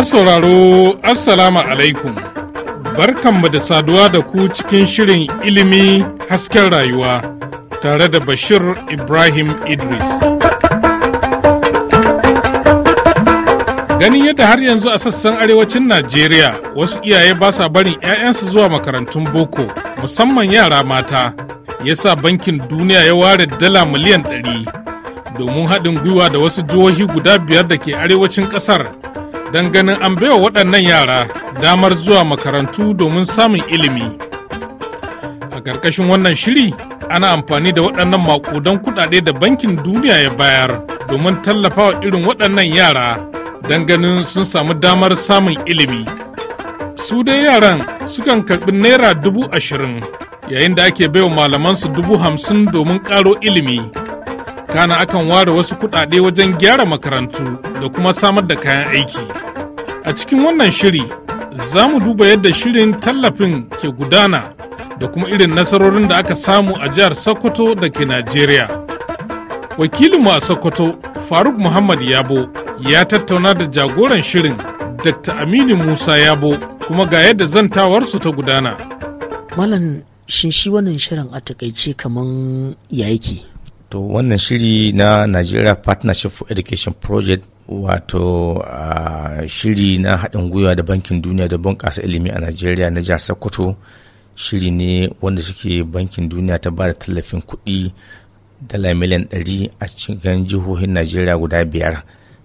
A sauraro Assalamu alaikum barkanmu da saduwa da ku cikin shirin ilimi hasken rayuwa tare da Bashir Ibrahim Idris. ganin yadda har yanzu a sassan arewacin Najeriya wasu iyaye ba sa barin 'ya'yansu zuwa makarantun boko musamman yara mata ya sa bankin duniya ya ware dala miliyan ɗari, domin haɗin gwiwa da wasu jihohi guda biyar da ke arewacin ƙasar don ganin an baiwa waɗannan yara damar zuwa makarantu domin samun ilimi. A ƙarƙashin wannan shiri ana amfani da waɗannan maƙudan kuɗaɗe da bankin duniya ya bayar domin tallafawa irin waɗannan yara don ganin sun samu damar samun ilimi. Su dai yaran sukan karɓi naira dubu ashirin yayin da ake baiwa malamansu dubu hamsin domin ƙaro ilimi. Kana akan ware wasu kuɗaɗe wajen gyara makarantu. da kuma samar da kayan aiki. A cikin wannan shiri za mu duba yadda shirin tallafin ke gudana da kuma irin nasarorin da aka samu a jihar Sokoto da ke Najeriya. Wakilinmu a Sokoto, Faruk Muhammad Yabo, ya tattauna da jagoran shirin Dr. Aminu Musa Yabo kuma ga yadda zantawarsu ta gudana. Malam shin wannan shirin a takaice kamar ya yake? to wannan shiri na nigeria partnership for education project wato uh, shiri na haɗin gwiwa da bankin duniya da bunƙasa ilimi a nigeria na jihar sokoto shiri ne wanda suke bankin duniya ta ba da tallafin kuɗi dala miliyan 100 a cikin jihohin najeriya guda biyar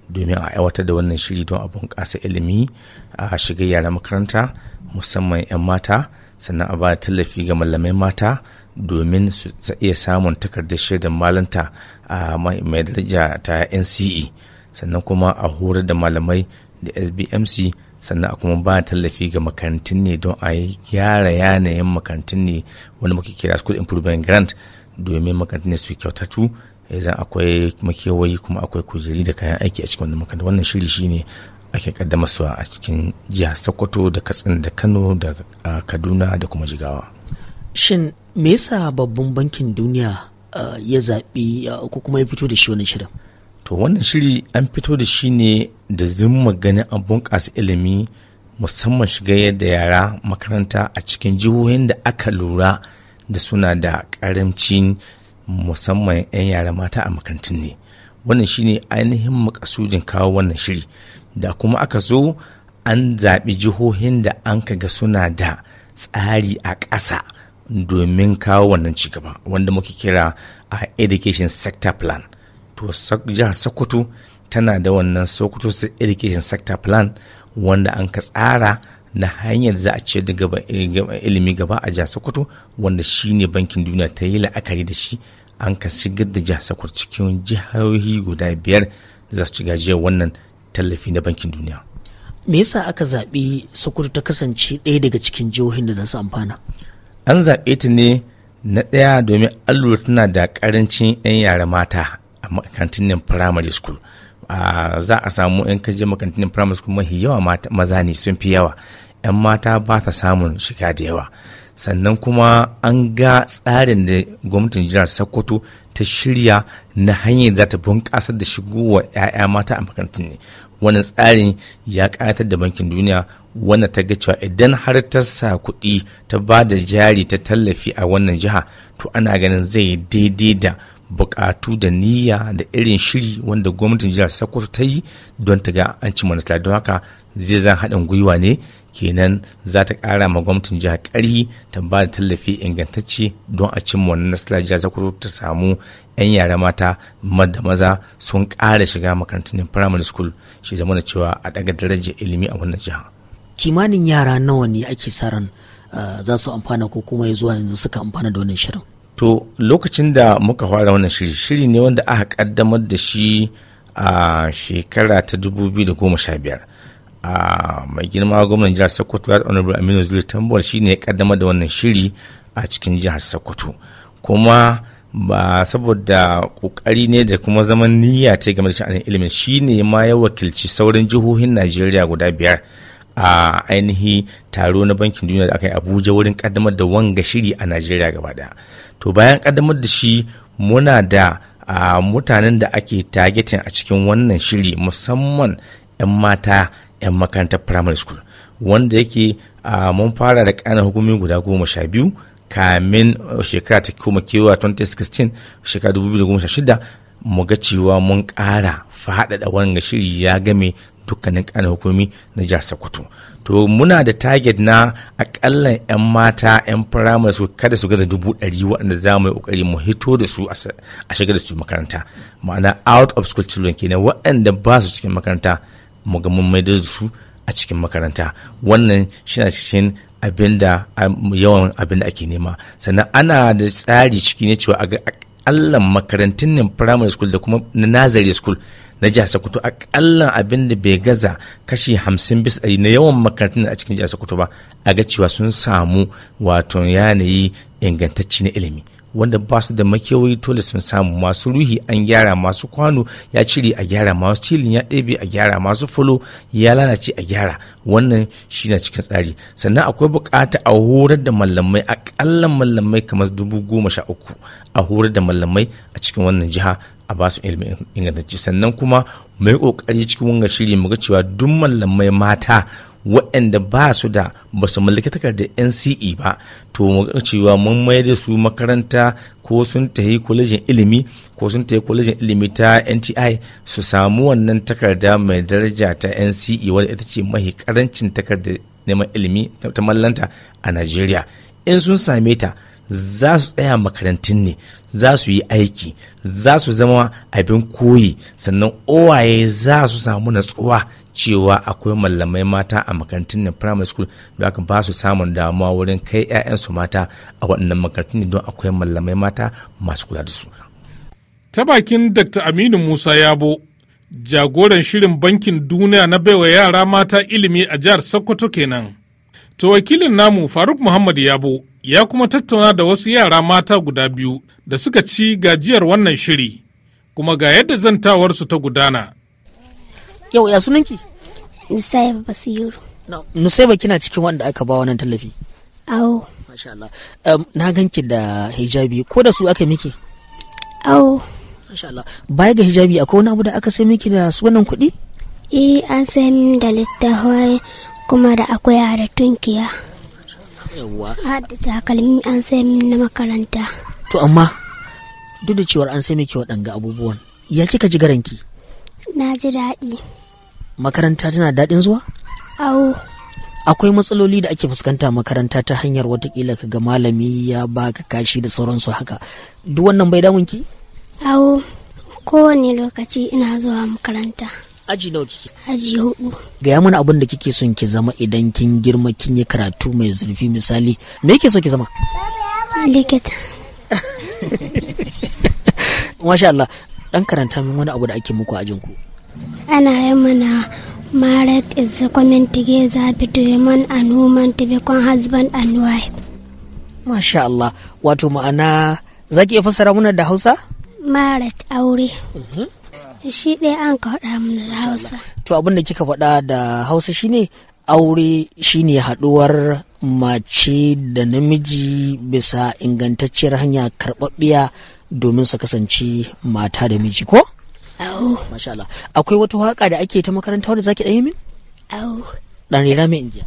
domin a aiwatar da wannan shiri don a bunƙasa ilimi a shiga yara makaranta musamman 'yan mata sannan a ba da tallafi ga malamai mata domin su iya samun takardar shaidar malanta a mai daraja ta nce sannan kuma a horar da malamai da sbmc sannan a kuma ba tallafi ga makarantun ne don a gyara yanayin makarantun ne wani muke kira school improvement grant domin makarantun ne su kyautatu zan akwai makewayi kuma akwai kujeri da kayan aiki a cikin wani wannan shiri shine ake kaddama su a cikin jihar sokoto da katsina da kano da kaduna da kuma jigawa Shin me yasa babban bankin duniya uh, ya zaɓi uh, ko kuma ya fito da shi wannan shirin? To wannan shiri an fito da shi ne da zimma ganin an bunƙasa ilimi musamman shiga yadda yara makaranta a cikin jihohin da aka lura da suna da ƙaramcin musamman 'yan yara mata a makarantun ne. Wannan shi ne ainihin makasudin kawo wannan shiri da kuma aka zo an zaɓi jihohin da an ga suna da tsari a ƙasa. domin kawo wannan cigaba wanda muke kira a education sector plan to jihar sokoto tana da wannan sokoto education sector plan wanda an ka tsara na hanyar za a ce da eh, ilimi gaba a jihar sokoto wanda shine bankin duniya ta yi la'akari da shi an ka shigar da jihar sokoto cikin jihohi guda biyar da za su ci gajiyar wannan tallafi na bankin duniya me yasa aka zaɓi sokoto ta kasance ɗaya daga cikin jihohin da za su amfana an zaɓe ta ne na ɗaya domin allura tana da ƙarancin 'yan yara mata a makantinin primary school za a samu 'yan kaje makantinin primary school mahi yawa maza ne sun fi yawa 'yan mata ba ta samun shiga da yawa sannan kuma an ga tsarin da gwamnatin jihar sokoto ta shirya na hanyar za ta bunƙasar da shigowa 'ya'ya mata a makarantun ne wannan tsarin ya ƙayatar da bankin duniya wanda ta ga cewa idan har ta sa kuɗi ta ba da jari ta tallafi a wannan jiha to ana ganin zai daidai da bukatu da niyya da irin shiri wanda gwamnatin jihar sokoto ta yi don ta ga an ci manasala don haka zai zan haɗin gwiwa ne kenan za ta ƙara ma gwamnatin jihar ƙarhi ta ba da tallafi ingantacce don a cimma wannan nasarar jihar sokoto ta samu 'yan yara mata da maza sun ƙara shiga makarantun firamare school shi zama da cewa a ɗaga darajar ilimi a wannan jihar kimanin yara nawa ne ake sa ran uh, za su amfana ko kuma zuwa yanzu suka amfana da wannan shirin to lokacin da muka fara wannan shiri shiri ne wanda aka kaddamar da shi a shekara ta 2015 a mai girma gwamnan jihar sokoto ya honorable aminu zulu Tambuwal shi ne ya kaddamar da wannan shiri a cikin jihar sokoto kuma ba saboda kokari ne da kuma zaman niyya ta game da sha'anin ilimin shi ne ma ya wakilci sauran jihohin najeriya guda biyar a ainihi taro na bankin duniya da aka yi abuja wurin kaddamar da wanga shiri a najeriya gaba daya to bayan kaddamar da shi muna da mutanen da ake targeting a cikin wannan shiri musamman 'yan mata 'yan makarantar primary school wanda yake mun fara da kanan hukumi guda goma sha biyu kamin uh, shekara ta koma kewa 2016 shekara 2016 mu ga cewa mun ƙara faɗaɗa wannan shiri ya game dukkanin ƙanan hukumi na jihar sokoto to muna da target na akalla 'yan mata 'yan firamare su kada su gaza dubu ɗari waɗanda za mu yi ƙoƙari mu hito da su a shiga da su makaranta ma'ana out of school children kenan waɗanda ba su cikin makaranta mu ga mun maida su a cikin makaranta wannan shi cikin abinda yawan abinda ake nema sannan ana da tsari ciki ne cewa a akalla makarantun nan primary school da kuma na nazari school na jihar sokoto akalla abin da bai gaza kashi hamsin bis ɗari na yawan makarantun a cikin jihar sokoto ba a ga cewa sun samu wato yanayi ingantacci na ilimi wanda ba su da makewayi tole sun samu masu ruhi an gyara masu kwano ya cire a gyara masu cilin ya ɗebe a gyara masu folo ya lalace a gyara wannan shi na cikin tsari sannan akwai bukata a horar da mallamai akalla mallamai kamar dubu goma sha uku a horar da mallamai a cikin wannan jiha a ba su ilimin ingantacce sannan kuma mai kokari cikin wanga shiri mu cewa duk mallamai mata waɗanda ba su da ba su mallaki takardar nce ba to mu ga cewa mun mai da su makaranta ko sun tafi kwalejin ilimi ko sun tafi kwalejin ilimi ta nti su samu wannan takarda mai daraja ta nce wadda ita ce mahi karancin takardar neman ilimi ta mallanta a najeriya in sun same ta za su tsaya makarantun ne za su yi aiki za su zama abin koyi sannan owaye za su samu natsuwa cewa akwai mallamai mata a makarantun ne primary school da aka ba su samun damuwa wurin kai 'ya'yansu mata a waɗannan makarantun ne don akwai mallamai mata masu kula da su ta bakin dr aminu musa yabo jagoran shirin bankin duniya na baiwa yara mata ilimi a jihar sokoto kenan To wakilin namu Faruk Muhammad Yabo ya kuma tattauna da wasu yara mata guda biyu da suka ci gajiyar wannan shiri kuma ga yadda su ta gudana. Yau ya sunanki? Nusaiba Basiru. ba kina cikin wanda aka ba wannan tallafi? Awo. Masha Allah. na ganki da hijabi ko da su aka miki? Awo. Masha Allah. Baya ga hijabi akwai wani abu da aka sai miki da su wannan kuɗi? Eh an sai min da littafai kuma da akwai hada tunkiya hada takalmi an sai min na makaranta to amma duk da cewar an sai miki waɗanga abubuwan ya kika ji garanki na ji daɗi makaranta tana daɗin zuwa awo akwai matsaloli da ake fuskanta makaranta ta hanyar watakila ka ga malami ya baka kashi da sauransu haka duk wannan bai damunki awo kowane lokaci ina zuwa makaranta aji nawa kike aji hudu gaya mana abin da kike son ki zama idan kin girma kin yi karatu mai zurfi misali me kike so ki zama likita masha Allah dan karanta min wani abu da ake muku a ku. ana yi mana marriage is the coming together between man and woman to become husband and wife masha Allah wato ma'ana zaki iya fassara muna da Hausa Marat, aure mhm. shi ɗaya an ka faɗa mana da hausa to abin da kika faɗa da hausa shine aure shine haɗuwar mace da namiji bisa ingantacciyar hanya karɓaɓɓiya domin su kasance mata da miji ko? Awo. Masha Allah. Akwai wata waƙa da ake ta makaranta da zaki ɗaya min? Awo. Ɗan rera mai injiya.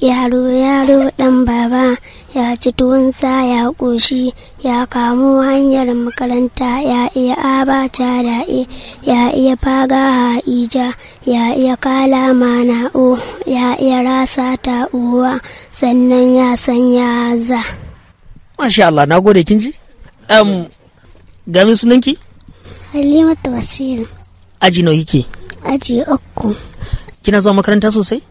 yaro yaro dan baba ya ci tuwonsa ya ƙoshi ya kamo hanyar makaranta ya iya abaca da ya iya faga ha'ija ya iya kala O, ya iya rasa ta uwa sannan ya sanya za Masha Allah na gode kin ji um, Gami sunanki Halimatu Wasiru. aji nawa ke. aji uku kina zuwa makaranta sosai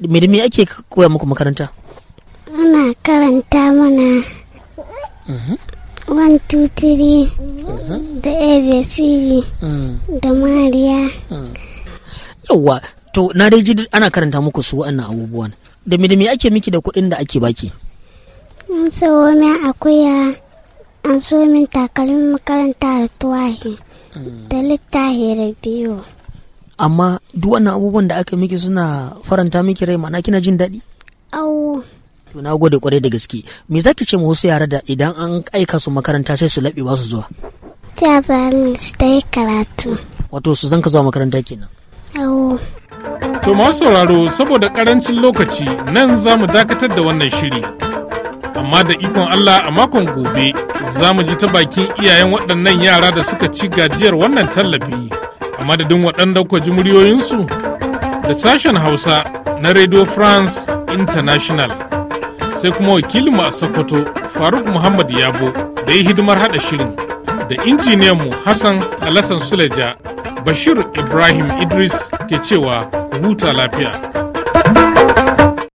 me da me ake koya muku makaranta ana karanta mana mm-hmm. one two three mm-hmm. da abc da mm. mariya mm. yawa to na dai ji ana karanta muku su wa'annan abubuwan da me da me ake miki da kuɗin da ake baki an sawo min akuya an so min takalmin makaranta da tuwahi mm. da littahi da biyu amma duk wannan abubuwan da aka miki suna faranta miki rai mana kina jin daɗi awo to na gode kwarai da gaske me zaki ce ma wasu yara da idan an aika su makaranta sai su laɓe ba su zuwa ta ba su yi karatu wato su zanka zuwa makaranta kenan awo to masu sauraro saboda karancin lokaci nan za mu dakatar da wannan shiri amma da ikon Allah a makon gobe za mu ji ta bakin iyayen waɗannan yara da suka ci gajiyar wannan tallafi a madadin waɗanda kwa ji muryoyinsu da sashen hausa na radio france international sai kuma wakilinmu a sokoto faruk muhammad yabo da ya hidimar haɗa shirin da injiniyanmu hassan alassan suleja bashir ibrahim idris ke cewa ku huta lafiya